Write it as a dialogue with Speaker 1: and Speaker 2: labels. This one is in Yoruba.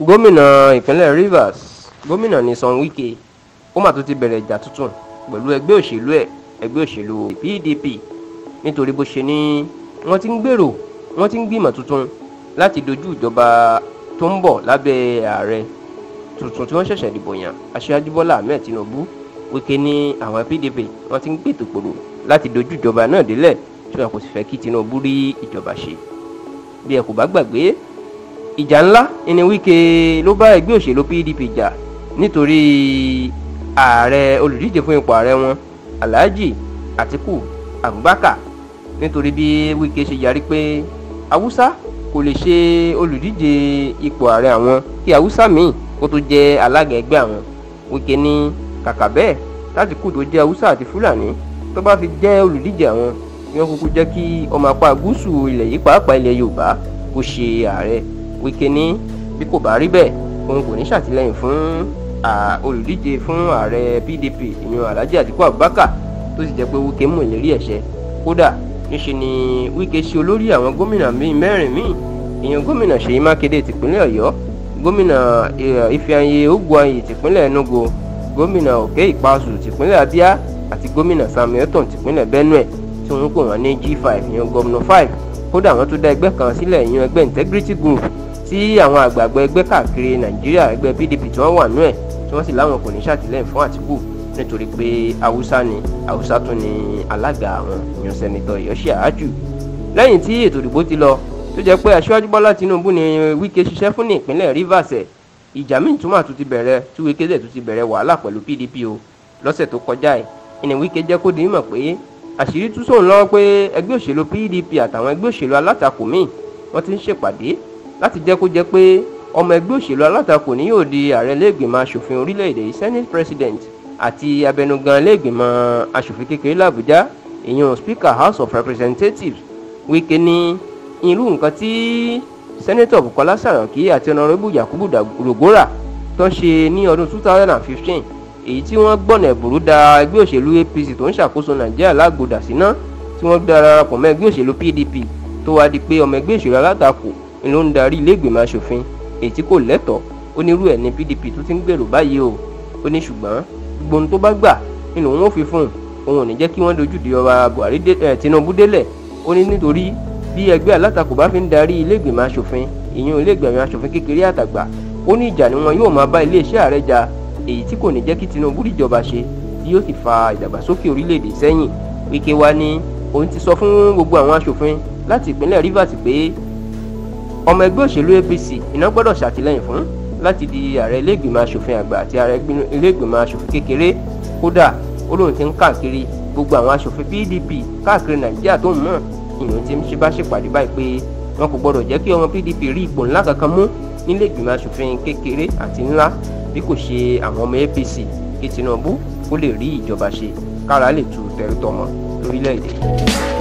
Speaker 1: gómìnà ìpínlẹ̀ Rivers gómìnà Nyesom Wike ó mà tún ti bẹ̀rẹ̀ ìjà tuntun pẹ̀lú ẹgbẹ́ òṣèlú ẹ̀ ẹgbẹ́ òṣèlú PDP nítorí bó ṣe ní wọ́n ti ń gbèrò wọ́n ti ń gbìmọ̀ tuntun láti dojú ìjọba tó ń bọ̀ lábẹ́ ààrẹ tuntun tí wọ́n ṣẹ̀ṣẹ̀ dìbò yàn aṣáájú Bọ́lá Ahmed Tinubu Wike ní àwọn PDP wọ́n ti ń gbètò pòrò láti dojú ìjọba náà délẹ̀ tí wọn kò sì fẹ́ kí Tinubu rí ìjọba ṣe bí ẹ kò bá gbàgbé ìjà ńlá ni Wike ló bá ẹgbẹ́ òṣèlú PDP jà nítorí ààrẹ olùdíje fún ipò ààrẹ wọn Alhaji Atiku Abubakar nítorí bí Wike ṣe yarí pé Haúsá kò lè ṣe olùdíje ipò ààrẹ àwọn kí Haúsá míì kó tó jẹ alága ẹgbẹ́ àwọn Wike ní kàkà bẹ́ẹ̀ Atiku tó jẹ́ Haúsá àti Fúlàní tó bá fi jẹ́ olùdíje àwọn ni wọ́n kúkú jẹ́ kí ọmọ apá gúúsù ilẹ̀ yìí pàápàá ilẹ̀ Yorùbá kó ṣe ààrẹ Wike ní bí kò bá rí bẹ́ẹ̀ òun kò ní ṣàtìlẹ́yìn fún olùdíje fún ààrẹ PDP ìyẹn Alhaji Atiku Abubakar tó sì jẹ́ pé Wike mú ìlérí ẹ̀ṣẹ̀ kódà níṣe ni Wike ṣe olórí àwọn gómìnà mẹ́rin míì ìyẹn gómìnà Ṣèyí Mákindé tìpínlẹ̀ Ọ̀yọ́ gómìnà Ifeanyi Ugwuanyi tìpínlẹ̀ Enugu gómìnà Òkè Ìpasù tìpínlẹ̀ Abia àti gómìnà Sam Elton tìpínlẹ̀ Benue tí wọ́n ń pè wọ́n ní G5 ìyẹn gómìnà 5 kódà wọ́n tún dá ẹgbẹ́ kan sílẹ̀ ìyẹn ẹgbẹ́ Integrity Group tí àwọn àgbààgbà ẹgbẹ́ káàkiri nàìjíríà ẹgbẹ́ pdp tí wọ́n wà nú ẹ̀ tí wọ́n sì láwọn kò ní ṣàtìlẹ́yìn fún àtìkù nítorí pé haúsá ni haúsá tún ni alága àwọn èèyàn sẹ́nitọ́ ìyọ́sí àájù lẹ́yìn tí ètò ìdìbò ti lọ tó jẹ́ pé aṣíwájú bọ́lá tinubu ni wike ṣiṣẹ́ fún ní ìpínlẹ̀ rivers ẹ̀ ìjà míì tún mà tún ti bẹ̀rẹ̀ tí wike dẹ̀ tún ti bẹ̀rẹ̀ wàhálà pẹ̀lú pdp o lọ́sẹ̀ tó kọjá ẹ̀ ìní wike jẹ́ kó dìímọ̀ pé àṣírí tún sóun lọ́wọ́ pé ẹgbẹ́ òṣèlú pdp àtàwọn ẹgbẹ́ òṣèlú alátakò míì wọ́n ti ń ṣèpàdé láti jẹ́ kó jẹ́ pé ọmọ ẹgbẹ́ òṣèlú alátakò ni yóò di ààrẹ iléègbìmọ̀ asòfin orílẹ̀-èdè senate president àti abẹnugan iléègbìmọ̀ asòfin kékeré làbújá ìyẹn speaker house of representatives Wike ní irú nǹkan tí sẹ́nẹ́tọ̀ Bukola Saraki àti ọ̀nàrẹ́bù Yakubu Dogora tó ṣe ní ọdún 2015 èyí tí wọ́n gbọ̀nà ẹ̀bùrú da ẹgbẹ́ òṣèlú APC tó ń ṣàkóso Nàìjíríà lágbòdà síná tí wọ́n darapọ̀ mọ́ ẹgbẹ́ òṣèlú PDP tó wá di pé ọmọ ẹgbẹ́ òṣèlú alátakò n ló ń darí iléègbèmọ̀ asòfin èyí tí kò lẹ́tọ̀ọ́ ó ní irú ẹ̀ ní PDP tó ti ń gbèrò báyìí o ó ní ṣùgbọ́n gbogbo ohun tó bá gbà nínú òun ò fi fún un òun ò ní jẹ́ kí wọ́n dojú di ọba Buhari eh, Tinubu délẹ̀ ó ní nítorí bí ẹgbẹ́ alátakò bá fi ń darí iléègbèmọ̀ asòfin ìyẹn iléègbèmọ̀ asòfin kékeré àtàgbà ó ní ìjà ni wọn yóò máa bá iléeṣẹ́ ààrẹ jà èyí tí kò ní jẹ́ kí Tinubu ríjọba ṣe tí yóò sì fa ìdàgbàsókè orílẹ̀-èdè sẹ́yìn Wike wá ní òun ti sọ fún gbogbo àwọn asòfin láti ìpínlẹ̀ Rivers pé ọmọ ẹgbẹ́ òṣèlú APC iná gbọ́dọ̀ ṣàtìlẹ́yìn fún láti di ààrẹ iléègbìmọ̀ asòfin àgbà àti ààrẹ iléègbìmọ̀ asòfin kékeré kódà ó lóun ti ń káàkiri gbogbo àwọn asòfin PDP káàkiri Nàìjíríà tó ń mọ̀ ìyẹn ti ń ṣe bá ṣèpàdé báyìí pé wọn kò gbọ́dọ̀ jẹ́ kí ọmọ PDP rí ipò ńlá kankan mú nílé ìgbìmọ̀ asòfin kékeré àti ńlá bí kò ṣe àwọn ọmọ APC kí Tinubu kó lè rí ìjọba ṣe kára lè tu tẹrítọmọ lórílẹ̀-èdè.